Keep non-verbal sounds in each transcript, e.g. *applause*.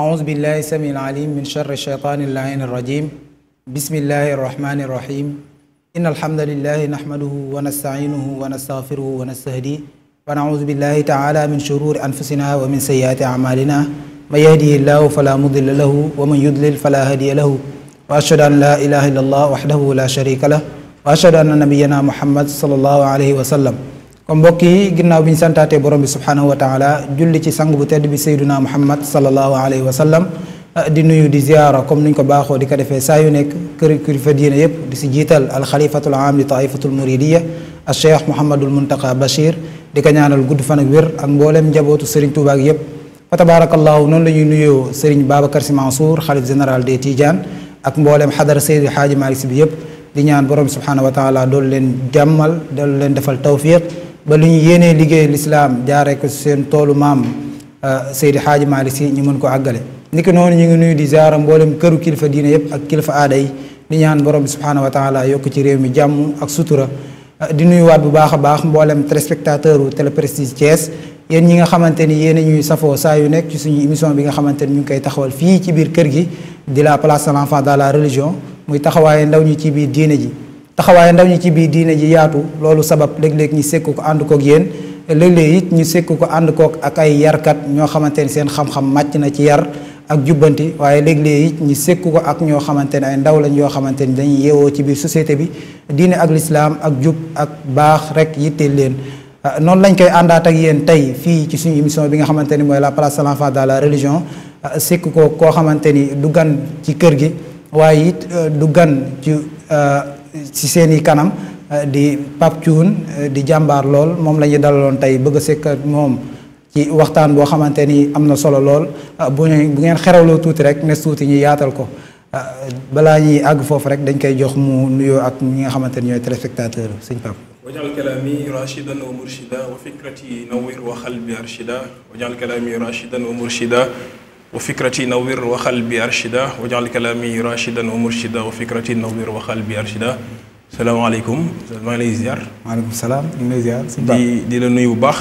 أعوذ بالله السميع العليم من شر الشيطان اللعين الرجيم بسم الله الرحمن الرحيم إن الحمد لله نحمده ونستعينه ونستغفره ونستهديه ونعوذ بالله تعالى من شرور أنفسنا ومن سيئات أعمالنا من يهدي الله فلا مضل له ومن يضلل فلا هادي له وأشهد أن لا إله إلا الله وحده لا شريك له وأشهد أن نبينا محمد صلى الله عليه وسلم kon mbokk yi ginnaaw bi ñu santaatee borom bi subhaanahu wa taala julli ci sang bu tedd bi sayduna muhammad sallallahu alayhi wa sallam ah, di nuyu di ziara comme nuñ ko baaxoo di ko defee saa yu nekk kër kilifa diine yëpp si jiital alxalifatul aam li taifatul muridiya al cheikh mouhamadul muntaqa bachir di ko ñaanal gudd fan ak wér ak mbooleem njabootu sëriñ Tuuba ak yëpp fa tabaarakallaahu noonu la ñuy nuyoo sëriñ Babacar Sy Mansour xalif général des Tidiane ak mbooleem xadara Seydi Xaaji Maalik bi yëpp di ñaan borom subhaanahu wa taala doolu leen jàmmal doolu leen defal tawfiq ba lu ñu yéene liggéey lislaam jaaree ko seen toolu maam euh, Seydi Xaaji Maalik Si ñu mën ko àggale niki noonu ñu ngi nuyu di ziara mbooleem këru kilifa diine yëpp ak kilifa aada yi li ñaan borom bi subhaanahu wa yokk ci réew mi jàmm ak sutura euh, di nuyuwaat bu baax a baax mboolem téléspectateur u Télé Prestige Thiès yéen ñi nga xamante ni yéen ñuy safoo saa yu nekk ci suñu émission bi nga xamante ni ñu ngi koy taxawal fii ci biir kër gi di la place de l'enfant dans la religion muy taxawaaye ndaw ñi ci biir diine ji taxawaaye ndaw ñi ci biir diine ji yaatu loolu sabab léeg-léeg ñu sekk ko ànd kook yéen léeg ñu sekk ko ànd ak ay yarkat ñoo xamante ni seen xam-xam màcc na ci yar ak jubbanti waaye léeg-léeg it ñu sekk ko ak ñoo xamante ne ay ndaw lañ yoo xamante ni dañuy yeewoo ci biir société bi diine ak lislaam ak jub ak baax rek yitteel leen ah, noonu lañ koy àndaat ak yéen tey fii ci suñu émission bi nga xamante ni mooy la place de l'enfant dans la religion ah, sekk ko koo xamante ni du gan ci kër gi waaye ah, du gan ci ci seen i kanam eh, di Pape Thioune eh, di jàmbaar lool moom la ñu dalaloon tey bëgg a sekk moom ci waxtaan boo xamante ni am na solo lool eh, bu ñu bu ngeen xeraloo tuuti rek ne tuuti ñu yaatal ko balaa ñuy àgg foofu rek dañ koy jox mu nuyoo ak ñi nga xamante ni ñooy téléspectateur sëñ Pape. wajal kalaami rachidan wa murshida wa fikrati nawwir وفكرتي نوير وخل بأرشدة وجعل كلامي راشدا ومرشدا وفكرتي نوير وخل بأرشدة السلام عليكم السلام عليكم زيار وعليكم السلام ما زيار دي دي لنوي وباخ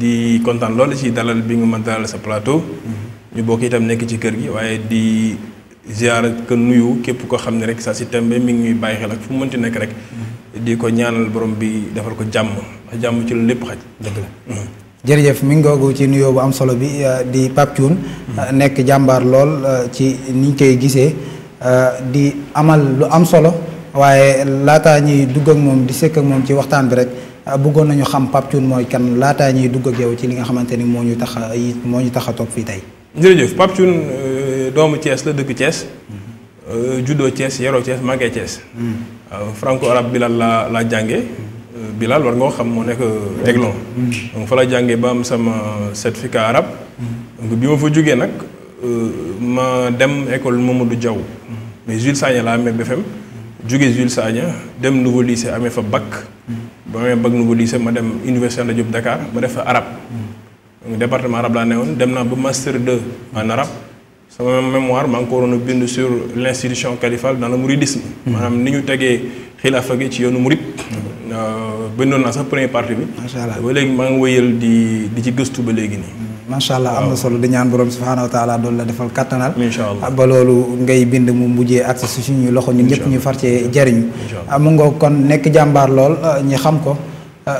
دي كونتان لول سي دالال بيغ من دال سا بلاطو ني بوكي تام دي زيار كنويو كيب كو خامن ريك سا سي تامبي باي خلاك فو مونتي نيك دي كو نيانال بروم بي دافال كو جام جام jërëjëf mi ci nuyoo bu am solo bi euh, di Pape mm. euh, nekk jàmbaar lool euh, ci niñ koy gisee di amal lu am solo waaye laataa ñuy dugg ak moom di sëkk ak moom ci waxtaan bi rek bëggoon nañu xam Pape mooy kan laataa ñuy dugg ak yow ci li nga xamante ni moo ñu tax a moo ñu tax a toog fii tey. jërëjëf Pape Thioune doomu Thiès la dëkk Thiès. Mm-hmm. judo Thiès yaroo Thiès màggee Thiès. Mm. franco arabe bi la laa jànge mm. Bilal war nga xam moo nekk Teglon donc fa la jàngee ba am sama certificat Arab, donc bi ma fa euh, ma dem école Mamadou Diaw mais Jules Sagna laa amee BFM jógee Jules Sagna dem nouveau lycée amé fa bac ba amee bac nouveau lycée ma dem université Anta Dakar ma def fa arabe donc département arabe laa dem na ba master 2 en Arab, sama mémoire ma ngi ko waroon a bind sur l' institution califale dans le mouridisme maanaam gi ci murid Euh, bindoon sax première partie bi. macha allah ba léegi maa ngi wëyal di di ci gëstu ba léegi nii. Hmm, macha allah solo di ñaan borom subhaanahu wa doon la defal kattanal ah, ba loolu ngay bind mu mujjee ak si suñuy loxo ñun ñëpp ñu far jariñ jariñu ah, mu nga kon nekk jàmbaar lool ah, ñi xam ko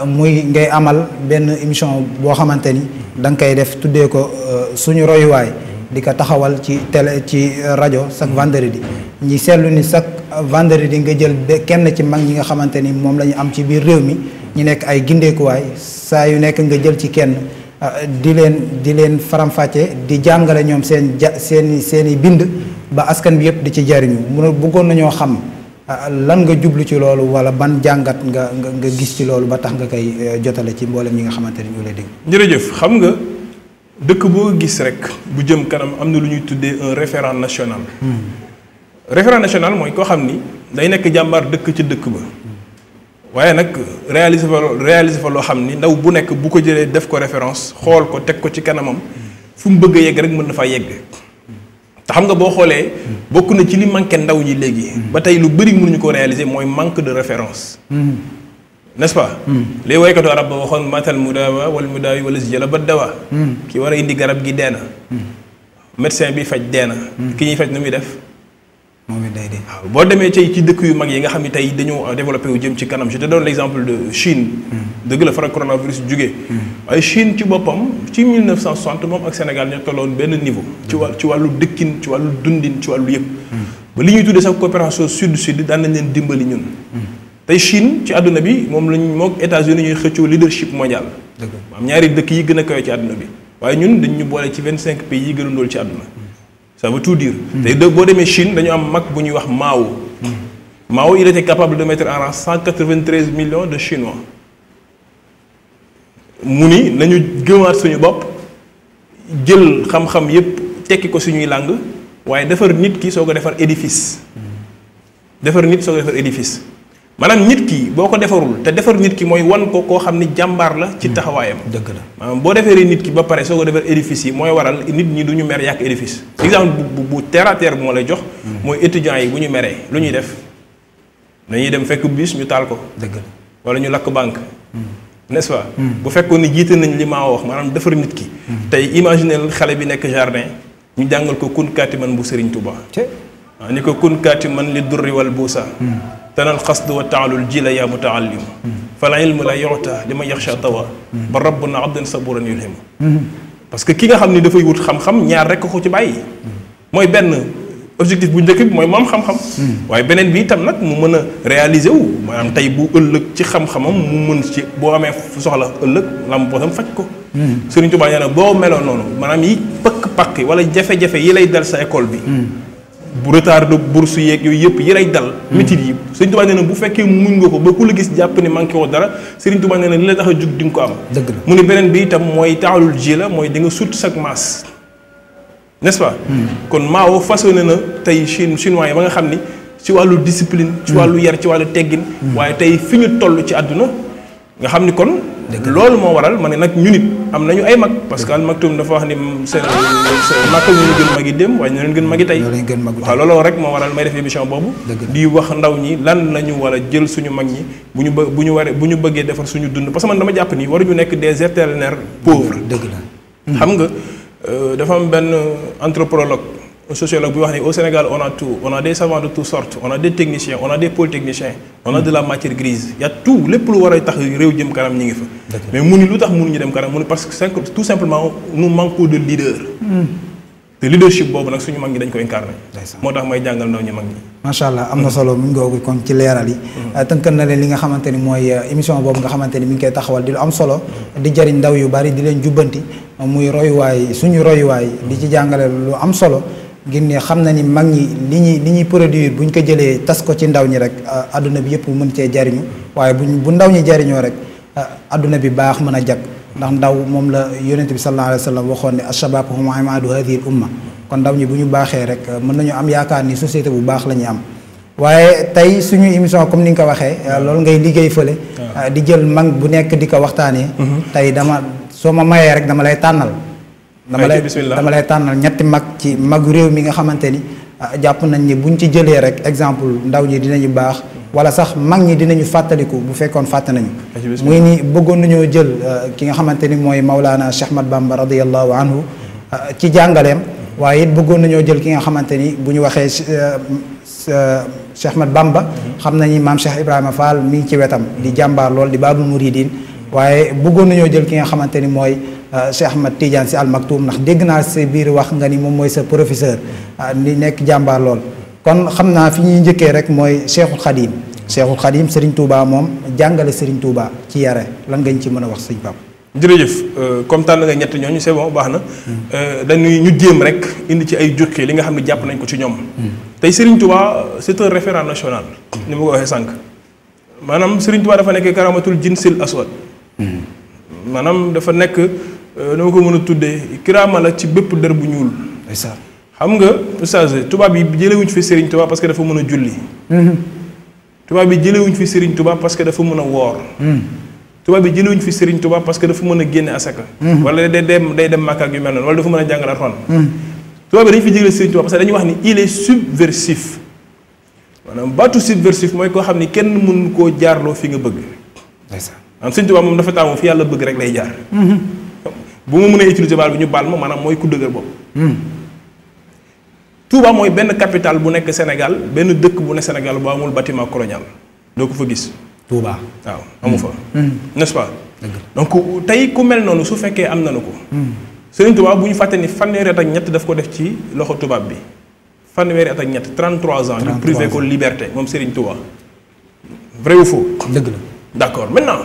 muy ngay amal benn émission boo xamante ni da nga koy def tuddee ko euh, suñu royuwaay hmm. di ko taxawal ci télé ci euh, rajo chaque hmm. vendredi ñi seetlu ni chaque di nga jël kenn ci mag ñi nga xamante ni moom lañu am ci biir réew mi ñu nekk ay gindeekuwaay saa yu nekk nga jël ci kenn ah, di leen di leen faramfàcce di jàngale ñoom seen ja seeni seeni seen bind ba askan bi yëpp di ci jariñu mun bëggoon nañoo xam ah, lan nga jublu ci loolu wala ban jàngat nga nga gis ci loolu ba tax nga koy eh, jotale ci mbooleem ñi nga xamante ni ñu lay dégg. jërëjëf xam nga. dëkk boo gis rek bu jëm kanam am na lu ñuy tuddee un référent référent national moy ko xamni day nek jambar dëkk ci dëkk ba waye nak réaliser fa réaliser fa lo xamni ndaw bu nek bu ko jëlee def ko référence xol ko tek ko ci kanamam fu mu bëgg yegg rek mën na faa yegg te xam nga bo xolé bokk na ci li manqué ndaw ñi léegi ba tey lu bëri mënuñu ko réaliser moy manque de référence n'est-ce pas way waykatu arab waxon waxoon matal mudawa wal mudawi wal si jëla dawa ki wara indi garab gi deena médecin bi faj deena ki ñi faj nu muy def moom it day dee. boo demee tey ci dëkk yu mag yi nga xam ne tey dañoo euh, développé wu jëm ci kanam je te donne l' exemple de Chine. Hmm. dëgg la faral coronavirus jugee. Hmm. waaye Chine ci boppam ci 1960 moom ak Sénégal ñoo tolloon benn niveau. Hmm. ci wàll ci wàllu dëkkin ci wàllu dundin ci wàllu yëpp. ba li ñuy tuddee sax coopération sud sud daan nañ leen dimbali ñun. tey Chine ci àdduna bi moom lañ moog États-Unis ñuy xëccoo leadership mondial. dëgg am ñaari dëkk yi gën a kawe ci àdduna bi waaye ñun dañ ñu boole ci 25 pays yi gën a ndóol ci àdduna. ça veut tout dire. Hmm. Chine dañu am un Mac Mao. Hmm. Mao il était capable de mettre en rang 193 millions de chinois mu nous nañu gëmaat suñu bopp jël xam-xam yépp tekki ko nous nit ki édifice. Hmm. édifice. maanaam nit ki boo ko defarul te defar nit ki mooy wan ko koo xam ni jàmbaar la ci hmm. taxawaayam dëkk la maanaam boo defee defaree nit ki ba pare soo ko defar édifice yi mooy waral nit ñi du ñu mer yàq édifice exemple bu bu terre à bu ma lay jox hmm. mooy étudiants yi bu ñu meree lu ñuy def nañuy dem fekk bus ñu taal ko dëgg la wala ñu lakk banque hmm. n'est-ce pas bu fekkoon ni jiite nañ li maa wax maanaam defar nit ki tey imaginel xale bi nekk jardin ñu jàngal ko kun man bu Serigne Touba ah, ni ko kun kaati man li durri wal buusa تنا القصد وتعالى الجيل يا متعلم فالعلم لا يعطى لمن يخشى الضوى بل ربنا عبد صبورا يلهم parce que ki nga xam ni dafay wut xam-xam ñaar rek ko ci bàyyi mooy benn objectif bu njëkk bi mooy mu am xam-xam waaye beneen bi itam nag mu mën a réaliser wu maanaam tey bu ëllëg ci xam-xamam mu mën ci boo amee soxla ëllëg lam bosam faj ko Sëriñ Tuubaa nee na boo meloon noonu maanaam yi pëkk-pakk wala jafe-jafe yi lay dal sa école bi bu retard de bourse yeeg yooyu yëpp yi lay dal hmm. métit yi Sëriñ Tuubaa nee na bu fekkee muñ nga ko ba ku la gis jàpp ne manqué woo dara Sëriñ Tuubaa ne na li la tax a jug di ko am mu ne beneen bi itam mooy taalul ji la mooy di nga sut sag maas n'est-ce pas hmm. kon Mao ne na tey Chine chinois yi ba nga xam ni ci wàllu discipline ci hmm. wàllu yar ci wàllu teggin waaye tey fi ñu toll ci àdduna nga xam ni kon loolu moo waral ma ne nag ñu nit am nañu ay mag parce que al maktum dafa wax ni seen ah. màkk ñu gën mag yi dem waaye ñu leen gën mag yi tey waaw looloo rek moo waral may def émission boobu di wax ndaw ñi lan la ñu war jël suñu mag ñi bu ñu bë bu ñu waree bu ñu bëggee defar suñu dund parce man dama jàpp ni waruñu nekk des éternels pauvres dëgg la xam nga euh, dafa am benn anthropologue sociologue bi wax au Sénégal on a tout on a des savants de toutes sortes on a des techniciens on a des polytechniciens on a de la matière grise Il y a tout lépp lu mais mu ni lu tax dem kanam mu parce que tout simplement nous manquons de leader hmm. te leadership boobu nag suñu mag ñi dañ ko incarné moo tax may jàngal ndaw ñu mag ñi macha allah solo mi ngogu kon ci leral yi hmm. euh, tënkal na le li nga xamanteni moy euh, émission bobu nga xamanteni mi ngi koy taxawal di lu am solo hmm. di jëriñ ndaw yu bari di leen jubbanti muy way suñu way di ci jàngale lu am solo ngir ne xam na ni mag ñi li ñuy li ñuy produire bu ñu ko jëlee tas ko ci ndaw ñi rek adduna ah, bi yëpp mën cee jariñu waaye buñ bu ndaw ñi jariñoo rek adduna ah, bi baax mën a jag ndax ndaw moom la yonent bi sallallahu alayhi wa sallam waxoon ne ashabab hum imaadu hadhihi al umma kon ndaw ñi bu ñu baaxee rek ah, mën nañu am yaakaar ni société bu baax la ñuy am waaye tey suñu émission comme ni nga ko waxee loolu ngay liggéey fële di jël mag bu nekk di ko waxtaanee mm-hmm. tey dama soo ma mayee rek dama lay tànnal dama lay dama lay tànnal ñetti mag ci magu réew mi nga xamante ni ah, jàpp nañ ni buñ ci jëlee rek exemple ndaw ñi dinañu baax wala sax mag ñi dinañu fàttaliku bu fekkoon fàtte nañu muy nii bëggoon nañoo jël ah, ki nga xamante ni mooy Maulana Cheikh Ahmad Bamba radiallahu anhu ah, ci jàngaleem waaye bëggoon nañoo jël ki nga xamante ni bu ñu waxee Cheikh Ahmad Bamba mhm. xam nañu maam Cheikh Ibrahima Fall mi ci wetam di jàmbaar lool di baabul muridiin waaye bëggoon nañoo jël ki nga xamante ni mooy Euh, Cheikh Ahmad Tidiane si almaktum ndax dégg naa sa biir wax nga ni moom mooy sa professeur euh, ni nekk jàmbaar lool kon xam naa fi ñuy njëkkee rek mooy Cheikhul Khadim Cheikhul Khadim Serigne Touba moom jàngale Serigne Touba ci yare lan ngañ ci mën a wax sëñ Pape jërëjëf euh, comme tànn nga ñett ñooñu c'est bon baax na hmm. dañuy ñu jéem rek indi ci ay jukki li nga xam ne jàpp nañ ko ci ñoom hmm. tey Serigne Touba c'est un référent national ni ma ko waxee sànq maanaam Serigne Touba dafa nekk karamatul jinsil aswad hmm. maanaam dafa nekk Euh, noo ko mën a tuddee kiraama la ci bépp dër bu ñuul. ndeysaan xam nga oustaz tubaab yi jëlewuñ fi Serigne Touba parce que dafa mën a julli. Mhm. tubaab yi jëlewuñ fi Serigne Touba parce que dafa mën a woor. Mhm. tubaab yi jëlewuñ fi Serigne Touba parce que dafa mën a génne asaka. Mhm. wala day dem day dem Makka ak yu mel noonu wala dafa mën a jàngal Alxuraan. tubaab yi dañu fi jëlee Serigne Touba parce que dañuy wax ni il est subversif. maanaam baatu subversif mooy koo xam ni kenn mënu koo jaarloo fi nga bëgg. ndeysaan maanaam Serigne Touba moom dafa taamu fi yàlla bëgg rek lay jaar. Si vous mënee utiliser baal bi que baal ku Touba capitale bu Sénégal benn dëkk bu ne Sénégal bu amul bâtiment colonial donc fa Touba waaw amu hmm. Hmm. n'est-ce pas. donc tey ku mel noonu su fekkee am ko. Hmm. Serigne Touba bu ñu ni fanweeri at ñett daf ko def ci loxo tubaab bi fanweeri at ñett 33 ans. 33 ans ñu privé ko liberté moom Serigne Touba. vrai ou faux. d'accord maintenant.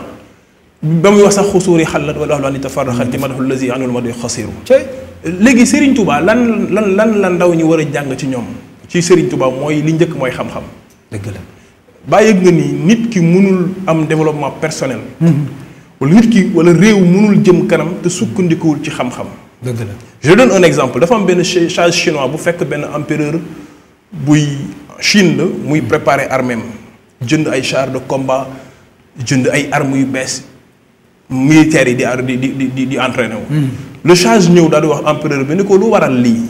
بام يوسا خسوري خلت ولا لا نتفرح خلت ما هو الذي أنو المدي خسيره شيء لقي سيرين توبا لان لان لان لان داو ني ورا جانغ تنيوم شيء سيرين توبا موي لينجك موي خم خم دقلا بايعني نيت كي منول أم ديفلوب ما بيرسونيل ولا نيت كي ولا ريو منول جم كلام تسوكن ديكول شيء خم خم دقلا je donne un exemple دفعم بين شاش شينوا بو فك بين امبرير بوي شين موي بريباري ارميم جند اي شار دو كومبا جند اي ارمي بس militaire yi di di di di di entraîné hmm. le charge ñëw daal di wax empereur bi ni ko lu waral li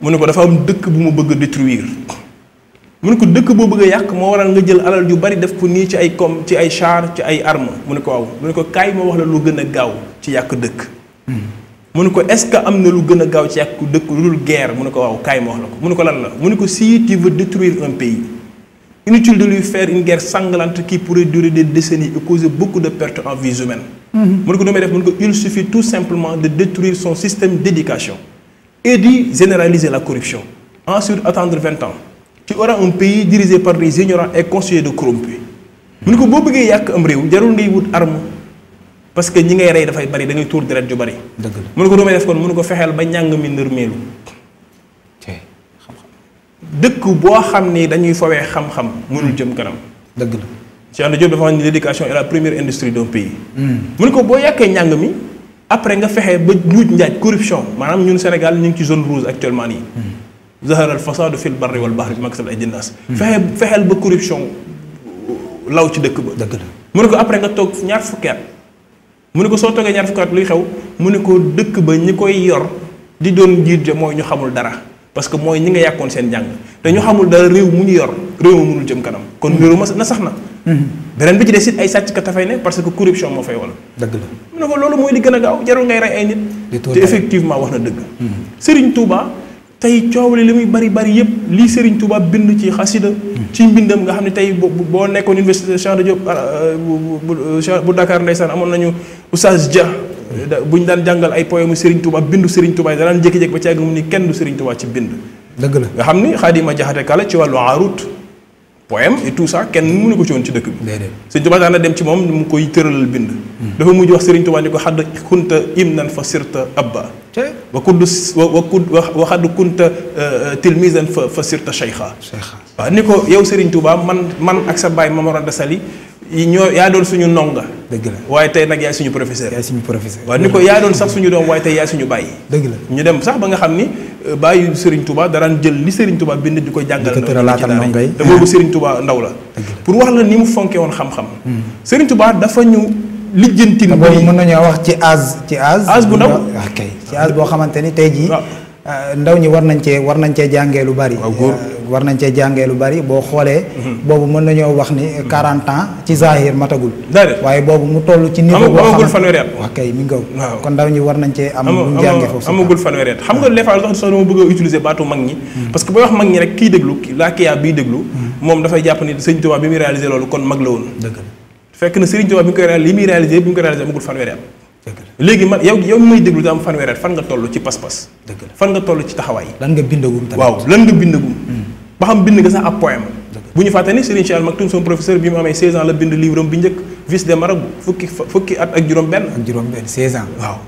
mu ne ko dafa am dëkk bu mu bëgg détruire mu ne ko dëkk boo bëgg a yàq moo waral nga jël alal yu bari def ko nii ci ay com ci ay char ci ay armes mu ne ko waaw mu ne ko kaay ma wax la lu gën a gaaw ci yàq dëkk. Hmm. mu ne ko est-ce que am na lu gën a gaaw ci yàq dëkk lu dul guerre mu ne ko waaw kaay ma wax la ko mu ne ko lan la mu ne ko si tu veux détruire un pays. Inutile de lui faire une guerre sanglante qui pourrait durer des décennies et causer beaucoup de pertes en vies humaines. Mhm. Il suffit tout simplement de détruire son système d'éducation et de généraliser la corruption. Ensuite, attendre 20 ans. Tu auras un pays dirigé par des ignorants et conseillés de corrompus. Si tu veux arme parce que tour dëkk boo xam dañuy xam-xam mënul la Cheikh dafa l'éducation est la première industrie d'un pays. Hmm. mu ne ko boo après nga fexe ba corruption maanaam ñun Sénégal ñu zone actuellement nii. Hmm. al fasadu fil barri wal bahri hmm. corruption law ci dëkk ba. la après nga toog ñaar fukki at mu ne ñaar fukki luy xew dara. parce que mooy ñi nga yàkkoon seen njàng te ñu xamul dara réew mu ñu yor réew ma mënul jëm kanam kon mbiru ma na sax na mm-hmm. beneen bi ci des ay sàcc ka tafay ne parce que corruption moo fay wala dëgg la mu ne mooy li gën a gaaw jarul ngay rey ay nit te effectivement wax na dëgg mm-hmm. Serigne Touba tey coow li muy bari bari yëpp lii Serigne Touba bind ci xasida mm-hmm. ci mbindam nga xam ne tey boo nekkoon université Cheikh Anta Diop ah, ah, bu Dakar ndeysaan amoon nañu Oustaz ja bu ñu daan jàngal ay poème Serigne Touba bindu Serigne Touba yi danaan jékki-jékki ba ci àgg mu ni kenn du Serigne Touba ci bind. dëgg la nga xam ni Xaadima Jaxate Kala ci wàllu arut poème et tout ça kenn mënu ko ci woon ci dëkk bi. déedéet Serigne Touba daan na dem ci moom mu koy tëralal bind. Hmm. dafa mujj wax Serigne Touba ni ko xadd xunta im nan fa sirta abba wa kunt wa kunt waxad kunta euh, euh, tilmisan fa fa sirta cheikha waaw ni ko yow Serigne Touba man man ak sa baay Mame Mor Anta Saly ñoo yaa doon suñu ndonga dëgg waaye tey nag yaay suñu professeur yaay suñu professeur waaw ni ko yaa doon sax suñu doom waaye tey yaay suñu bàyyi dëgg la ñu dem sax ba nga xam ni euh, bàyyi Serigne Touba daraan jël li Serigne Touba bind di ko jàngal te boobu Serigne Touba ndaw la pour wax la ni mu fonke woon xam-xam mm. Serigne Touba dafa ñu lijjantin. bëri mën nañoo wax ci âge ci âge. âge bu ndaw ok ci âge boo xamante ni tey jii. Euh, ndaw ñi war nañ cee war nañ cee jàngee lu bari. Euh, war nañ cee jàngee lu bari boo xoolee. Mhm. boobu mën nañoo wax ni 40 mhm. ans ci zahir matagul. waaye boobu mu toll ci niveau. boo amagul fanweeri at kon ndaw ñi war nañ cee am. lu ñu jàngee foofu xam nga les fois sax dama bëgg a baatu mag ñi. Mhm. parce que booy wax mag ñi rek kiy déglu laa kiyaa biy déglu. moom dafay jàpp ni sëñ Tuubaa bi muy réaliser loolu kon mag la woon. dëgg fekk na Serigne Touba bi nga koy réalisé li muy réalisé bi nga koy réalisé amagul fanweeri at léegi man yow yow may déglu da fanweeri at fan nga toll ci pas-pas fan nga toll ci taxawaay lan nga bindagum tamit hmm. ba xam bind nga sax ab poème bu ñu fàtte ni Serigne Cheikh Al Maktoum professeur bi mu amee 16 ans la bind livre am bi njëkk Vices des marabouts fukki fukki at ak juróom benn ak juróom benn 16 ans waaw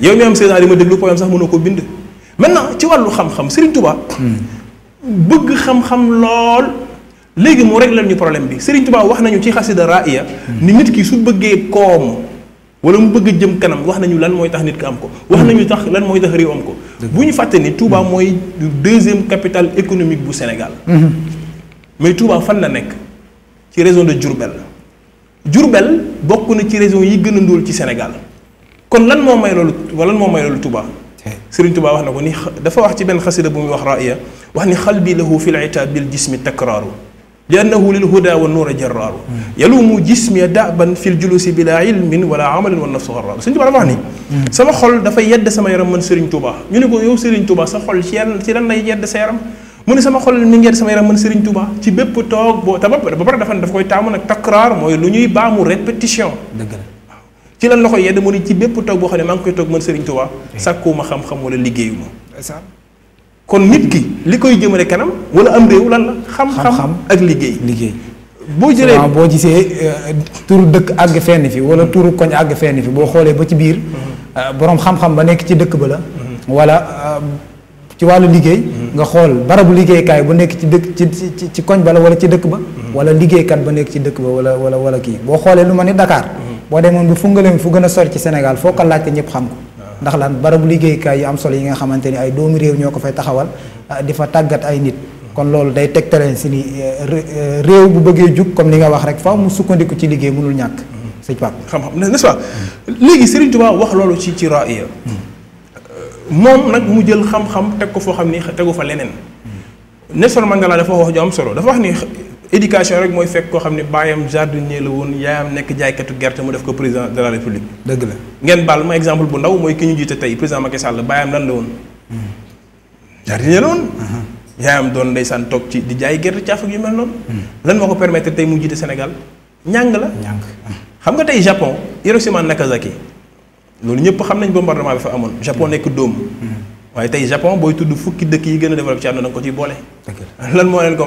yow mi am 16 ans di ma déglu hmm. bëgg xam-xam lool légui mo régler ñu problème bi Serigne Touba wax nañu ci khassida raaya ni nit ki su bëggé koom wala mu bëgg jëm kanam wax nañu lan moy tax nit ka am ko wax nañu tax lan moy tax réew am ko buñu faté ni Touba moy deuxième capitale économique bu Sénégal mais Touba fan la nek ci région de djourbel djourbel bokku na ci région yi gëna ndul ci Sénégal kon lan mo may lolu wala lan moo may lolu Touba Serigne Touba wax na ni dafa wax ci ben khassida bu mu wax raaya wax ni khalbi lahu fil itab bil jism takraru لأنه للهدى والنور جرار يلوم جسمي دعبا في الجلوس بلا علم ولا عمل والنفس غرار سنتي بارا ماني سما خول دا فاي يد سما يرام من سيرن توبا ني نكو يو سيرن توبا سا خول سي لان سي لان يد سا يرام موني سما خول مي نيد سما يرام من سيرن توبا تي بيب توك بو تا با با دا فان دا فاي تامو نك تكرار موي لو نيي بامو ريبيتيشن دغال سي لان لاخو يد موني تي بيب توك بو خاني مانكوي توك من سيرن توبا ساكو ما خام خام ولا ليغيوما kon nit ki li koy jëmale kanam wala am réew lan la. xam-xam ak liggéey liggéey. boo jëlee boo gisee euh, turu dëkk àgg fenn fi wala hmm. turu koñ àgg fenn fi boo xoolee ba ci biir. Hmm. Euh, boroom xam-xam ba nekk ci dëkk ba la. Hmm. wala euh, ci wàllu liggéey. nga xool barabu liggéeykaay bu nekk ci dëkk ci ci ci koñ ba la wala ci dëkk ba. wala liggéeykat ba nekk ci dëkk ba wala wala wala kii boo xoolee lu ma ni Dakar. boo demoon bi fu ngaleem fu gën a sori ci Sénégal foo ko laajte ñëpp xam ko. ndax lan barabu liggéeykaay yi am solo yi nga xamante ni ay doomi réew ñoo ko fay taxawal ah, di fa tàggat ay nit kon loolu day tegtale si ni eh, eh, réew bu bëggee jug comme li nga wax rek faaw mu sukkandiku ci liggéey mënul ñàkk sëñ Pape xam-xam n'est-ce pas léegi Serigne Touba wax loolu ci ci raaya moom nag mu jël xam-xam teg ko foo xam ni tegu fa leneen nes Nelson laa dafa wax ju am solo dafa wax ni éducation rek mooy fekk koo xam ne baayam jardinier la woon yaayam nekk jaaykatu gerte mu def ko président de la république. dëgg la ngeen baal ma exemple bu ndaw mooy ki ñu jiite tey président Macky Sall baayam lan la woon. Hmm. jardinier la woon. Uh-huh. yaayam doon ndeysaan toog ci di jaay gerte caaf ak yu mel noonu. Hmm. lan moo ko permettre tey mu jiite Sénégal ñàng la. ñàng xam nga tey Japon naka Nagasaki loolu ñëpp xam nañ bombardement bi fa amoon Japon nekk dóom. Hmm. waaye tey Japon booy tudd fukki dëkk yi gën a développé ci àdduna da ko ciy boole. lan moo leen ko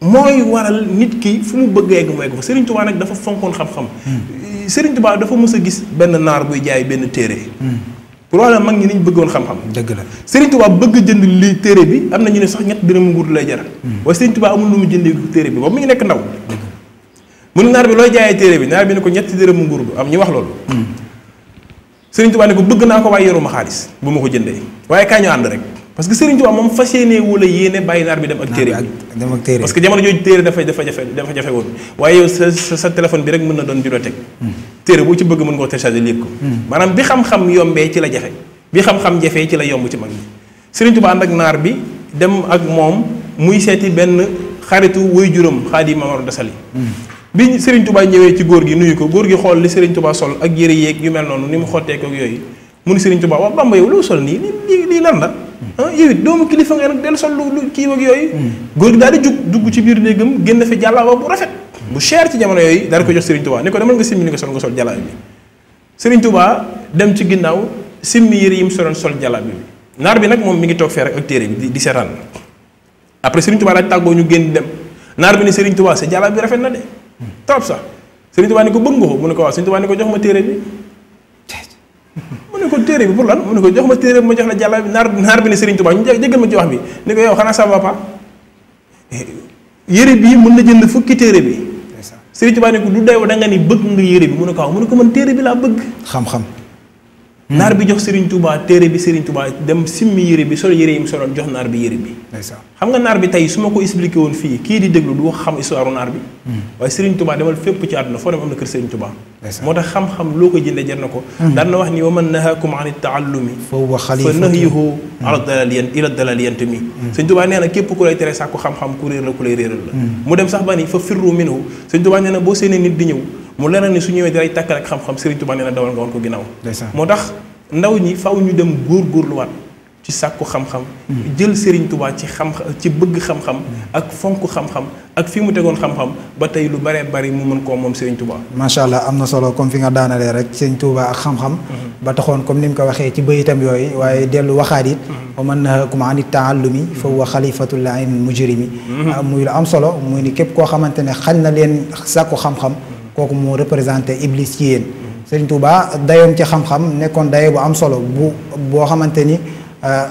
mooy waral nit ki fu mu bëgg egg mooy ko fa Serigne Touba nag dafa fonkoon xam-xam. Hmm. Serigne Touba dafa mës a gis benn naar buy jaay benn téere. Hmm. problème mag ñi niñ bëggoon xam-xam. dëgg la Serigne Touba bëgg jënd li téere bi am na ñu ne sax ñett dina mu nguur lay jara hmm. waaye Serigne Touba amul lu mu jëndee téere bi boobu mu ngi nekk ndaw. mu ne naar bi looy jaayee téere bi naar bi ne ko ñetti dërëm mu nguur am ñu wax loolu. Serigne Touba ne ko bëgg naa ko waaye yoruma xaalis bu ma ko jëndee waaye kaa ñu ànd rek. parce que Serigne Touba moom fas yéene wala yéene bàyyi naar bi dem ak téere dem ak téere parce que jamono jooju téere dafa dafa jafe dafa woon waaye yow sa sa téléphone bi rek mën na doon bibliothèque hmm. téere boo ci bëgg mën nga ko télécharger lire ko hmm. maanaam bi xam-xam yombee ci la jafe bi xam-xam jafee ci la yomb ci mag ñi Serigne Touba ànd ak naar bi dem ak moom muy seeti benn xaritu way juróom Xaadi Mamar Dasali hmm. bi Serigne Touba ñëwee ci góor gi nuyu ko góor gi xool li Serigne Touba sol ak yëre yeeg yu mel noonu ni mu xotteekook yooyu mu ni Serigne Touba wax Bamba yow loo sol nii lii lii ah yow iya, doomu kilifa nga nag del sol lu lu kii ak yooyu góor gi daal di jug dugg ci biir néegam génn fi jàllaaba bu rafet bu cher ci jamono yooyu daal ko jox Serigne Touba ni ko demal nga simmi ni ko sol nga sol jàllaaba bi Serigne Touba dem ci ginnaaw simmi yére yi mu sol jàllaaba bi naar bi nag moom mi ngi toog fee ak téere bi di seetaan après Serigne Touba daal tàggoo ñu génn dem naar bi ni Serigne Touba sa jàllaaba bi rafet na de hmm. trop sax Serigne Touba ni ko bëgg nga ko mu ne ko waaw Serigne Touba ni ko jox ma téere bi mu ne ko téere bi pour lan mu ne ko jox ma téere bi ma jox la jàlla bi naar naar bi ne Serigne Touba ñu jéggal ma ci bi ni ko yow xanaa ça eh, yére bii mën na jënd fukki téere bi Serigne Touba ne ko du doy da nga ni bëgg nga yére bi mu ne ko waaw mu ne ko man téere bi laa bëgg xam-xam nar bi jox Serigne Touba téré bi Serigne Touba dem simmi yére bi solo yére yi solo jox nar bi yére bi. xam nga nar bi tay suma ko expliquer won fi ki di déglu du xam histoire nar bi. way Serigne Touba demal fépp ci aduna fo dem amna keur Serigne Touba. motax xam-xam loko jinde jarna ko. dal na wax ni wa man nahaakum an taallumi. foofu wax xalifa fa nahyuhu ala dalaliyan ila dalaliyant tumi Serigne Touba neena kep ku lay tere sa ko xam xam-xam ku réer la ku lay reer la. mu dem sax bani fa firru minhu Serigne Touba neena bo boo nit di ñëw mu leneen ni su ñëwee dalay tàkkal ak xam-xam Serigne Touba nee na dawal nga woon ko ginnaaw moo tax ndaw ñi faw ñu dem góorgóorluwaat ci sàkku xam-xam jël Serigne Touba ci xam ci bëgg xam-xam ak fonk xam-xam ak fi mu tegoon xam-xam ba tey lu baree bari mu mën koo moom Serigne Touba macha allah amna solo comme fi nga daanalee rek Serigne Touba ak xam-xam ba taxoon comme ni mu ko waxee ci bëyitam yooyu waaye dellu waxaat it wa man nahakum ani taallumi fa huwa xalifatul lain mujrimi muy lu am solo muy ni képp koo xamante ne xañ na leen sàkku xam-xam kooku moo représenté Iblis ci yéen. Sëriñ Touba dayoom ci xam-xam nekkoon daye bu am solo bu boo xamante ni euh,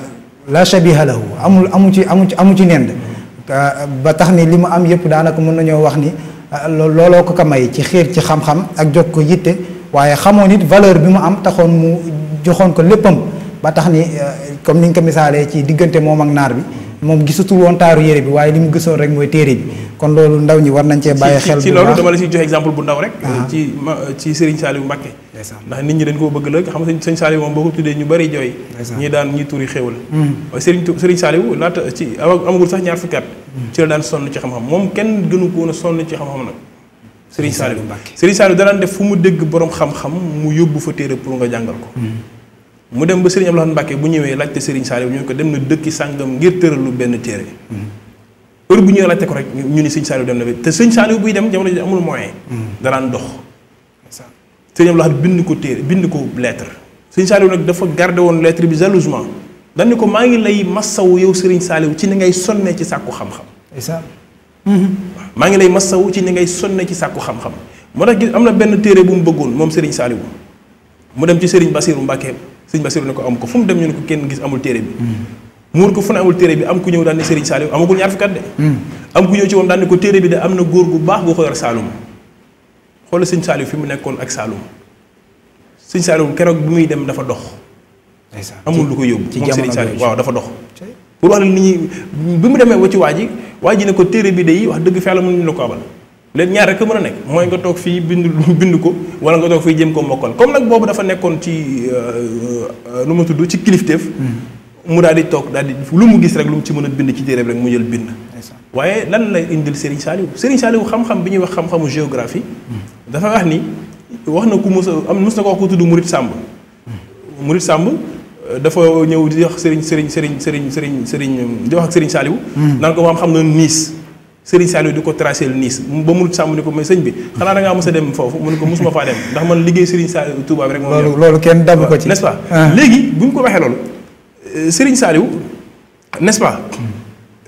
la shabiha lahu amul amu ci amu ci amu ci nend euh, ba tax ni li mu am yëpp daanaka mën nañoo wax ni euh, looloo ko ka may ci xiir ci xam-xam ak jot ko yitte waaye xamoon it valeur bi mu am taxoon mu joxoon ko léppam ba tax ni comme ni niñ ko misaalee ci diggante moom ak naar bi. moom gisatul woon taaru yére bi waaye li mu gisoon rek mooy téere bi kon loolu ndaw ñi war nañ cee bàyyi xel ci loolu dama la si jox exemple bu ndaw rek ci ci Serigne Saliou Mbacké ndax nit ñi dañ koo bëgg la xam nga Serigne Saliou moom boo ko tuddee ñu bari jooy ñi daan ñi tuuri xéwal hmm. waaye Serigne Serigne Saliou laata ci amagul sax ñaar fukki at hmm. ci la daan sonn ci xam-xam moom kenn gënu ko woon a sonn ci xam-xam nag Serigne Saliou Mbacké Serigne Saliou da daan def fu mu dégg borom xam-xam mu yóbbu fa téere pour nga jàngal ko hmm. mu dem ba Serigne Abdoulaye Mbacke bu ñëwee laajte Serigne Saliou ñu ko dem na dëkki sàngam ngir tëralu benn téere mm-hmm. heure bu ñëwee laajte ko rek ñu ni Serigne Saliou dem na bi te Serigne Saliou buy dem jamono ji amul moyen mm-hmm. danaan dox Serigne Abdoulaye bind ko téere bind ko lettre Serigne Saliou nag dafa garde woon lettre bi jalousement dañu ko maa ngi lay massawu yow Serigne Saliou ci ni ngay sonne ci sàkku xam-xam mm-hmm. maa ngi lay massawu ci ni ngay sonne ci sàkku xam-xam moo tax gis am na benn téere bu mu bëggoon moom Serigne Saliou mu dem ci Serigne Bassirou Mbacke sëñ Basiru ne ko am ko fu mu dem ñu ne ko kenn gis amul téere bi muur ko fu ne amul téere bi am ku ñëw daan ne Serigne Saliou amagul ñaar fukki at de hmm. am ku ñëw ci moom daan ne ko téere bi de am na góor gu baax boo ko yor Saloum xoolal sëñ Saliou fi mu nekkoon ak Saloum sëñ Saliou keroog bi muy dem dafa dox amul lu ko yóbbu moom Serigne Saliou waaw dafa dox pour wax la nit ñi bi mu demee ba ci waa ji waa ji ne ko téere bi de yi wax dëgg fa yàlla mënuñu la ko abal léegi ñaar rek a mën a nekk mooy nga toog fii bind *laughs* bind ko wala nga toog fii jëm ko mokkal comme nag boobu dafa nekkoon ci lu euh, mu tudd ci kilifteef. Hmm. mu daal di toog daal di lu mu gis rek lu mu ci mën a bind ci téere rek mu jël bind. waaye lan la indil Serigne Saliou Serigne Saliou xam-xam bi ñuy wax xam-xamu géographie. Hmm. dafa wax ni wax na ku mos am mos na ko wax ku tudd Mouride Samb. Hmm. Mouride Samb euh, dafa ñëw di wax Serigne Serigne Serigne Serigne sëriñ di wax ak Serigne Saliou. xam na niis. Sëriñ Saliou di ko tracé le niis ba mu sàmm ni ko may sëñ bi xanaa da ngaa mos a dem foofu mu ne ko mosuma faa dem ndax man liggéey Sëriñ Saliou Touba bi rek moom loolu kenn dabu ko ci nest ah. léegi bu mu ko waxee loolu Sëriñ Saliou n'est-ce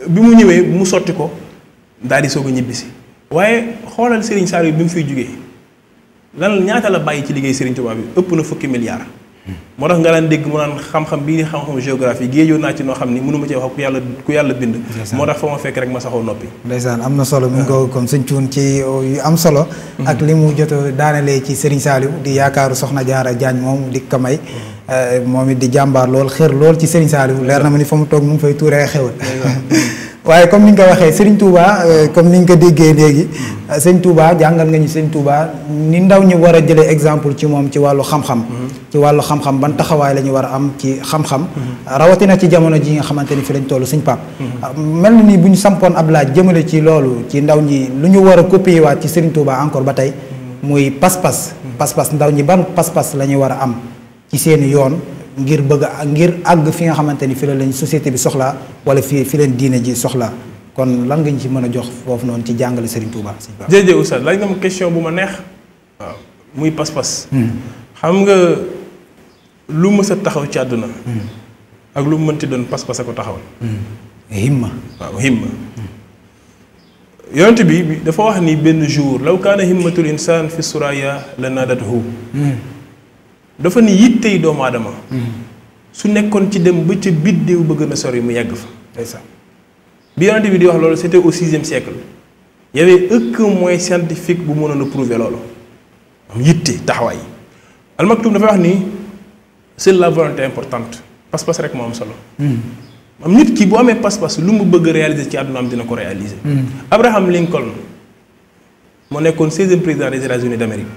bi mu ñëwee mu sotti ko daal di soog a ñibbisi waaye xoolal Sëriñ Saliou bi mu fiy jógee lan ñaata la bàyyi ci liggéey Sëriñ Touba bi ëpp na fukki milliards moo tax nga daan dégg mu naan xam-xam bii di xam-xam géographie géejoo naa ci noo xam ni mënuma ci wax ku yàlla yàlla bind moo tax fa ma fekk rek ma saxoo noppi ndeysaan am na solo mu ngi ko kon sëñ Cuun ci oh, yu am solo mm-hmm. ak li mu joto daanalee ci Serigne Saliou di yaakaaru Soxna Jaara Jaañ moom di ko may mm-hmm. eh, moom it di jàmbaar lool xër lool ci Serigne Saliou leer na ma ni fa mu toog mu fay tuuree xew waaye comme ni nga ko waxee Serigne Touba euh, comme ni nga ko déggee léegi Serigne Touba jàngal nga ñu Serigne Touba ni ndaw ñi war a jëlee exemple ci moom ci wàllu xam-xam. Mm-hmm. ci wàllu xam ban taxawaay la ñu war a am ci xam-xam. Mm-hmm. rawatina ci jamono ji nga xamante ni fi lañ toll sëñ Pape. Mm-hmm. mel na nii bu ñu sampoon ab laa jëmale ci loolu ci ndaw ñi lu ñu war a copier ci Serigne Touba encore ba tey muy pas-pas. pas-pas ndaw ñi ban pas-pas la ñu war a am ci seen yoon. ngir bëgg ngir àgg fi nga xamante ni fi la leen société bi soxla wala fi fi leen diine ji soxla kon lan nga ci mën a jox foofu noonu ci jàngale Serigne Touba. jërëjëf Oustaz laaj nga ma question bu ma neex. muy pas-pas. xam nga lu mës a taxaw ci àdduna. ak lu mu mënti doon pas-pas a ko taxawal. himma. waaw himma. yonent bi dafa wax ni benn jour law kaana himmatul insaan fi suraya la naadathu dafa ni yitte yi doomu aadama su nekkoon ci dem ba ca biddeew ba na sori mu yegg fa ndeysaan bi yonent bi di wax loolu c'était au sixième siècle y avait aucun moyen scientifique bu mënoon a prouver loolu am yitte taxawaay yi almaktum dafay wax ni c'est la volonté importante pas-pas rek moo am solo hmm. am nit ki bu amee pas-pas lu mu bëgg réaliser ci àdduna am dina ko réaliser hmm. Abraham Lincoln moo nekkoon 16e président des États-Unis d'Amérique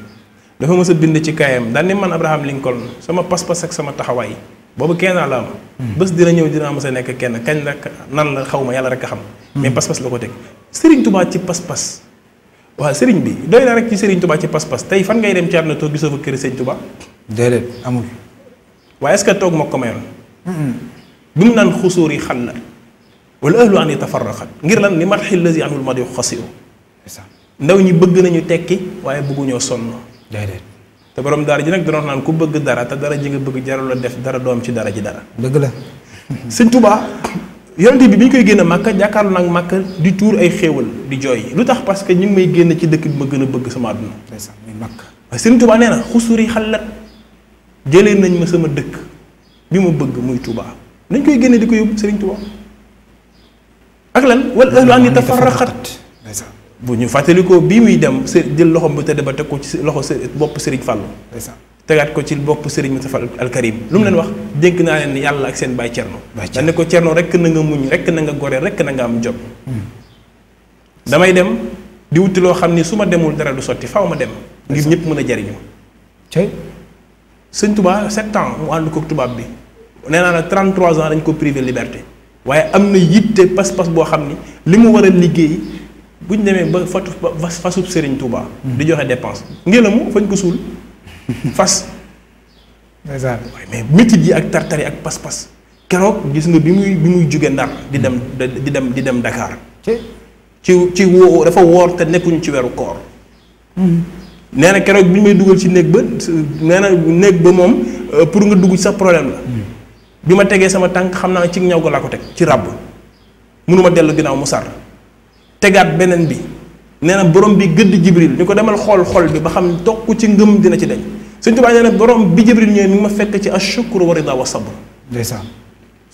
dafa mës a bind ci kayam daan ne man Abraham Lincoln sama pas-pas ak sama taxawaay boobu kenn la am. Hmm. bés dina ñëw dina mës a nekk kenn kañ la nan la xaw ma yàlla rek a xam. mais hmm. pas-pas la ko teg Serigne Touba ci pas-pas. waaw Serigne bi doy na rek ci Serigne Touba ci pas-pas tey fan ngay dem ci àdduna toog gisoo fa kër Serigne Touba. déedéet amul. waaye est que toog moo ko mayoon. bi mu naan xusóor yi xal la. wala ahlu an yatafarraqat ngir lan li mat xil la si ma di xasiru ndaw ñi bëgg nañu tekki waaye bëgguñoo sonn. déedéet te borom daara ji nag danoon naan ku bëgg dara te dara ji nga bëgg jarul def dara doom ci dara ji dara. bëgg la. sëñ Touba yonent bi bi ñu koy génn màkka jàkkaarlu nag màkka di tuur ay xéewal di jooy lu tax parce que ñu ngi may génn ci dëkk bi ma gën a bëgg sama àdduna. ndeysaan muy màkka. waaye sëñ Touba nee na xusuri xalat jëlee nañ ma sama dëkk bi ma bëgg muy Touba nañ koy génne di ko yóbbu Serigne Touba ak lan. wal ahlu anni tafarraqat bu ñu fàttalikoo bii muy dem jël loxoom bu de ba teg ko ci loxo së bopp Serigne Fallou. tegaat ko ci bopp Serigne Moustapha Al Karim. lu mu leen wax dénk naa leen yàlla ak seen baay Thierno. dañ ne ko Thierno rekk na nga muñ rekk na nga gore rekk na nga am jot. Hmm. damay dem di wuti loo xam ni su ma demul dara du sotti faw ma dem. ngir ñëpp mën a jariñoo tey sëñ Touba sept ans mu ànd ko tubaab bi nee naa la 33 ans dañ ko privé liberté waaye am na yitte pas-pas boo xam ni li mu war a liggéey. bu ñu demee ba fatu fasub Serigne Touba. di joxe dépense ngelamu fañ ko suul fas. ndeysaan waaye mais métit yi ak tartar ak pas-pas keroog gis nga bi muy bi muy jóge Ndar di dem di dem di dem Dakar. ci ci woo dafa woor te nekkuñu ci weru koor. nee na keroog bi ñu may dugal ci néeg ba nee na néeg ba moom euh, pour nga dugg sax problème la. bi ma tegee sama tànk xam ci ñaw ko laa ko teg ci ràbb mënuma dellu ginnaaw mu sar tegaat beneen bi nee na borom bi gëdd jibril ñu ko demal xool xool bi ba xam tokk ci ngëm dina ci dañ suñ tubaab nee na borom bi jibril ñoo mi ngi ma fekk ci ashukr wa rida wa sabr ndeysaan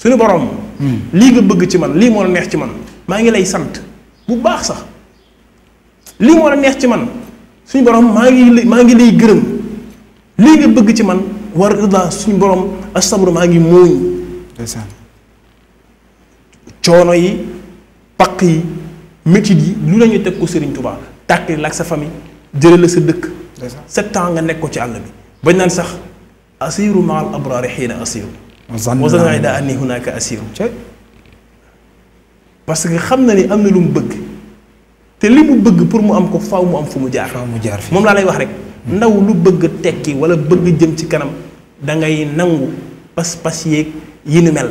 suñu borom hmm. lii nga bëgg ci man lii moo la neex ci man maa ngi lay sant bu baax sax lii moo la neex ci man suñu borom maa ngi ngi lay gërëm lii nga bëgg ci man war rida suñu borom asabr maa ngi muuñ ndeysaan coono yi paq yi métier yi lu la ñu ko Serigne Touba tàkkee lak sa famille jëlé la sa dëkk. sept ans nga nekk ko ci àll bi. bañ nan sax asiru maal abrar hina asiru. wasan naa daa anni hunaka asiru. parce que xam na ni am na lu mu bëgg te li mu bëgg pour mu am ko faaw mu am fu mu jaar. faaw mu jaar fi mom la lay wax rek. ndaw lu bëgg tekki wala bëgg jëm ci kanam da ngay nangu pass pass yeeg yi ni mel.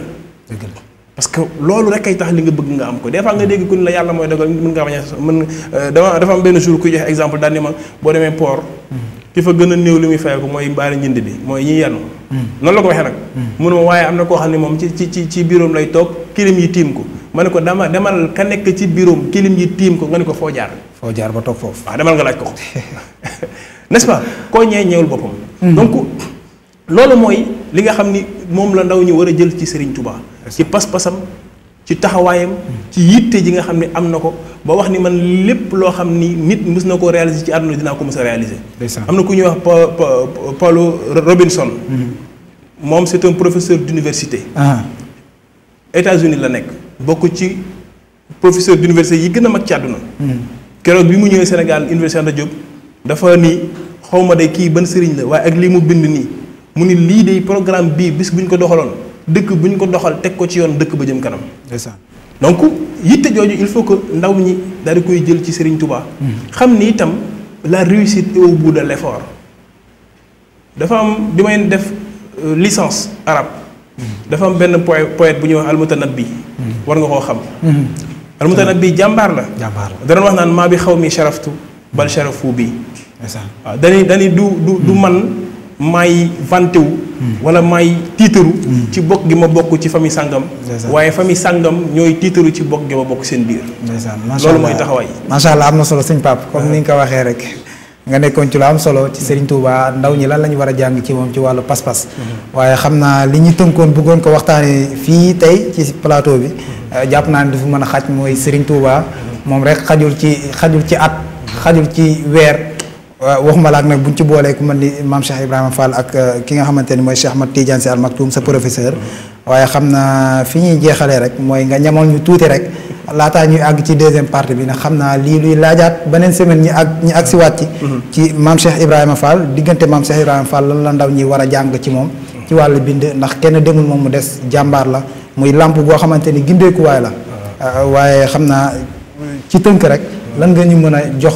parce que loolu rek kay tax li nga bëgg nga am ko des fois nga dégg ku ni la yàlla mooy dogal mën ngaa bañ a mën euh, dama dafa am benn jour kuy joxe exemple daal ni ma boo demee port hmm. ki fa gën a néew muy fayal ko mooy mbaari njënd bi mooy ñi yanu hmm. noonu la ko waxee nag hmm. mu ma waaye am na koo xam ci ci ci ci lay toog kilim yi tiim ko ma ne ko dama demal ka nekk ci biiróom kilim yi tiim ko nga ne ko foo jaar foo jaar ba toog foofu waaw ah, demal nga laaj ko *laughs* n'est-ce pas koo ñee ñeewul boppam donc loolu mooy li nga xam ni moom la ndaw ñi war a jël ci Serigne Touba ci pas-pasam ci taxawaayam ci yitte ji nga xam ne am na ko ba wax ni man lépp loo xam ni nit mës na koo réaliser ci àdduna dinaa ko mës a réaliser am na ku ñuy wax Paulo Robinson mhm. moom c'est un professeur d'université ah. États-Unis la nekk bokk ci professeur d'université yi gën a mag ci àdduna mhm. keroog bi mu ñëwee Sénégal université Anta Diop dafa ni xaw ma de kii ban sëriñ la waaye ak lii mu bind nii mu ni lii de programme bii bis buñ ko doxaloon dëkk bu ñu ko doxal teg ko ci yoon dëkk ba jëm kanam. donc yitte jooju il faut que ndaw ñi daal di koy jël ci Serigne Touba. Hmm. xam ni itam la réussite est au bout de l'effort dafa am bi may def euh, licence arab hmm. dafa am benn poète poète bu ñuy wax bi hmm. war nga koo xam. almutanabbi jàmbaar la. jàmbaar la danañ wax naan maa bi xaw mi sharaftu bal sharafu bi. waaw dañuy du du du man. maay vanté wu. wala maay tiitaru. Hmm. ci bokk gi ma bokk ci famille sàngam. waaye famille sàngam ñooy tiitaru ci bokk gi ma bokk seen biir. loolu mooy taxawaay. macha allah am na solo sëñ Pape comme ni nga ko waxee rek. nga nekkoon ci lu am solo ci Serigne Touba ndaw ñi lan la ñu war a jàng ci moom ci wàllu pas-pas. Hmm. waaye xam naa li ñu tënkoon bëggoon ko waxtaanee fii tey ci palaato bi. Hmm. jàpp naa ne dafa mën a xaj mooy Serigne Touba. moom rek xajul ci xajul ci at. xajul ci weer. waaw waxuma laak nag buñ ci boolee ku mel ni maam Cheikh Ibrahima Fall ak euh, ki nga xamante ni mooy Cheikh Ahmad Tidiane Sy Al sa professeur waaye xam na fi ñuy jeexalee rek mooy nga ñamoon ñu tuuti rek laataa ñuy àgg ci deuxième partie bi nag xam naa lii luy laajaat beneen semaine ñi ak ñi agsi ci mm-hmm. ci maam Ibrahima Fall diggante maam Cheikh Ibrahima Fall ndaw ñi war a jàng ci moom ci wàllu bind ndax kenn demul moom mu des jàmbaar la muy làmp boo xamante ni gindeekuwaay la ah. euh, waaye xam naa ci tënk rek lan nga ñu mën a jox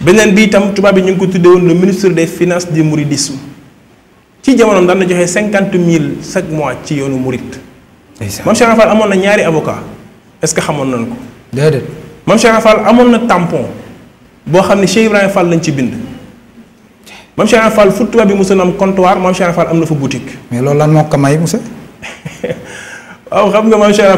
benen bi le ministre des finances du mouridisme ci jamonoom daan joxe cinquante mille chaque mois ci yoonu murid. maam Cheikh avocat est-ce que xamoon nañ ko. déedéet suis Cheikh tampon boo xam Cheikh Fall lañ ci bind. fu comptoir boutique. *laughs* mais loolu lan moo may monsieur. xam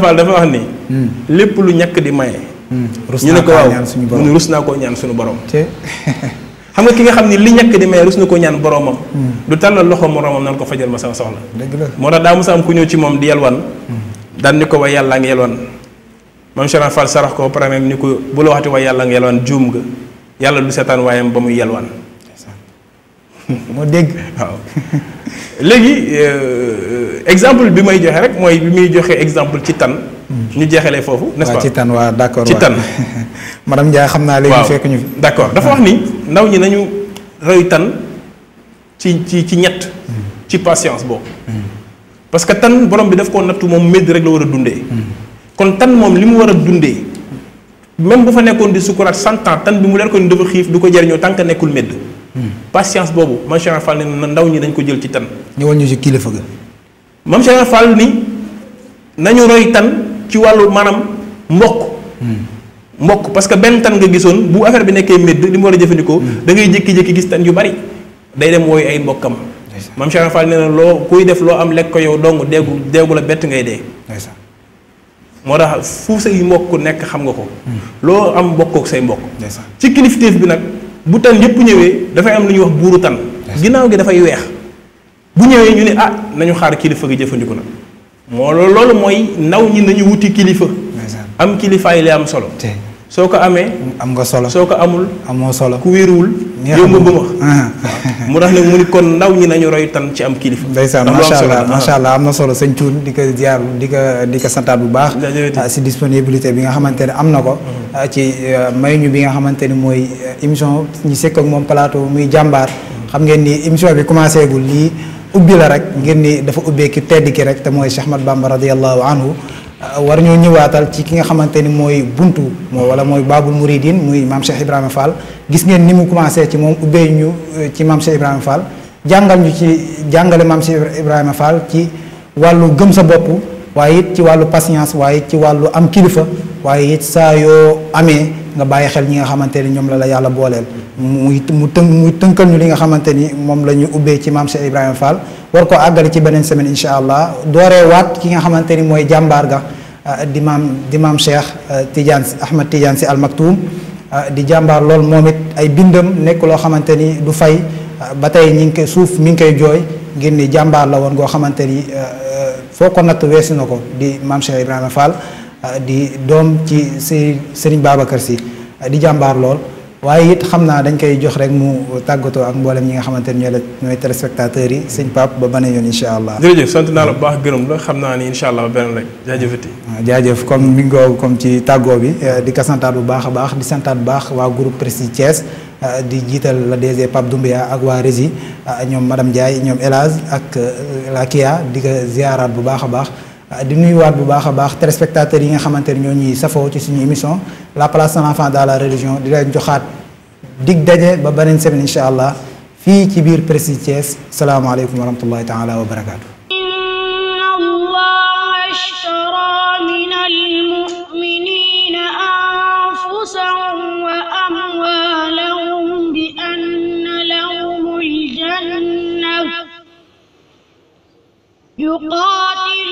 nga Mm. ñu ne ko waaw mu ne rus naa koo ñaan suñu borom *laughs* xam nga ki nga xam ni li ñàkk di may rus na koo ñaan boromam mm. du tàllal loxo moromam nan ko fajal ma sama soxla moo la daa musa am ku ñëw ci moom di yelwan mm. daal ni ko way yàlla ngi yelwan mam Cheikh Fall sarax ko pare ni ko bu la waxati way yàlla ngi yelwan juum nga yàlla du seetaan waayam ba muy yelwan *laughs* moo dégg waaw euh, euh, exemple bi may joxe rek moy bi muy joxe exemple ci tan hmm. ñu jeexalee fofu n'est-ce pas ci tan wa d'accord ci tan *laughs* madame Ndiaye xamna légui fekk ñu d'accord dafa wax ah. ni ndaw ñi nañu roy tan ci ci ci ñett hmm. ci patience boobu hmm. parce que tan borom bi daf ko natou mom médd rek la wara dundé kon tan mom limu wara dundé même bu fa nekkoon di sukuraat 100 ans tan bi mu leer ko ni dafa xif du ko jariñoo tank que nekkul médd patience boobu Mame Cheikh Fall na ndaw ñi dañ ko jël ci tan. ñëwal ñu ci kilifa ga. Mame Cheikh Fall ni nañu roy tan ci wàllu maanaam mbokk. Hmm. mbokk parce que benn tan nga gisoon bu affaire bi nekkee mbedd li mu war a jëfandikoo. Hmm. dangay ngay jékki-jékki gis tan yu bari day dem wooyu ay mbokkam. Mame Cheikh Fall nee na loo kuy def loo am lekk ko yow dong deegu deegu la bett ngay dee. moo tax fu say mbokk nekk xam nga ko. Hmm. loo am mbokk say mbokk. ci kilifteef bi nag. bu tan yëpp ñëwee dafay am lu ñuy wax buuru tan ginnaaw gi dafay weex bu ñëwee ñu ni ah nañu xaar kilifa gi jëfandiku na moo loolu mooy ndaw ñi nañu wuti kilifa am kilifaay li am solo soo ko amee. am nga solo soo amul. amoo solo ku wéeruwul. yow nga bëma. Ah. *laughs* mu tax nag mu kon ndaw ñi nañu roy tan ci am kilifa. *laughs* ndeysaan macha allah macha allah am solo sëñ Thioune di ko ziar di ko di ko santaat bu baax. Ah, si disponibilité bi nga xamante ne am na ko. Mm-hmm. Ah, ci mayuñu bi nga xamante ni mooy émission ñi sekk ak moom plateau muy jàmbaar. Mm-hmm. xam ngeen ni émission bi commencé gul lii ubbi la rek ngeen ni dafa ubbee ki tedd ki rek te mooy Cheikh Ahmad Bamba radiyallahu anhu Euh, war ñoo ñëwaatal ci ki nga xamante ni mooy buntu moo wala mooy baabul muridin muy maam Cheikh Ibrahima Fall gis ngeen ni mu commencé ci moom ubbee ñu euh, ci maam Cheikh Ibrahima Fall jàngal ñu ci jàngale maam Cheikh Ibrahima Fall ci wàllu gëm sa bopp waaye it ci wàllu patience waaye it ci wàllu am kilifa waaye it saa yoo amee nga bàyyi xel ñi nga xamante ni ñoom la la yàlla booleel muy mu tënk muy tënkal ñu li nga xamante ni moom la ñu ubbee ci maam Cheikh Ibrahima Fall war ko àggali ci beneen semaine incha allah dooree waat ki nga xamante ni mooy jàmbaar ga ah, di maam di maam Cheikh ah, Tidiane Ahmad Tidiane si almaktuum ah, di jàmbaar lool moom it ay bindam nekk loo xamante ni du fay ba tey ñi ngi koy suuf mi ngi koy jooy ngir ni jàmbaar la woon goo xamante ni foo ko natt weesu na ko di maam Ah, di doom ci sëriñ Babacar si ah, di jàmbaar lool waaye it xam naa dañ koy jox rek mu tàggatoo ak mboolem ñi nga xamante ne ñooy la ñooy téléspectateurs yi sëñ pap ba beneen yoon incha allah. jërëjëf sant naa la bu baax gërëm naa ni incha allah beneen rek ah, jaajëf comme mi ngoo comme ci tàggoo bi eh, di ko santaat bu baax a baax di santaat bu baax waa groupe Prestige Thiès di jiital la DG Pape Doumbia ak waa Rési ñoom madame Ndiaye ñoom El ak eh, la Kia di ko bu baax a baax. di nuyuwaat bu baax a baax yi nga xamante ñoo ñuy safoo ci suñu émission la place de l'enfant dans la religion di leen joxaat dig daje ba beneen semaine incha allah ci biir Prestige Thiès salaamaaleykum wa rahmatullahi taala wa barakaatu. يقاتل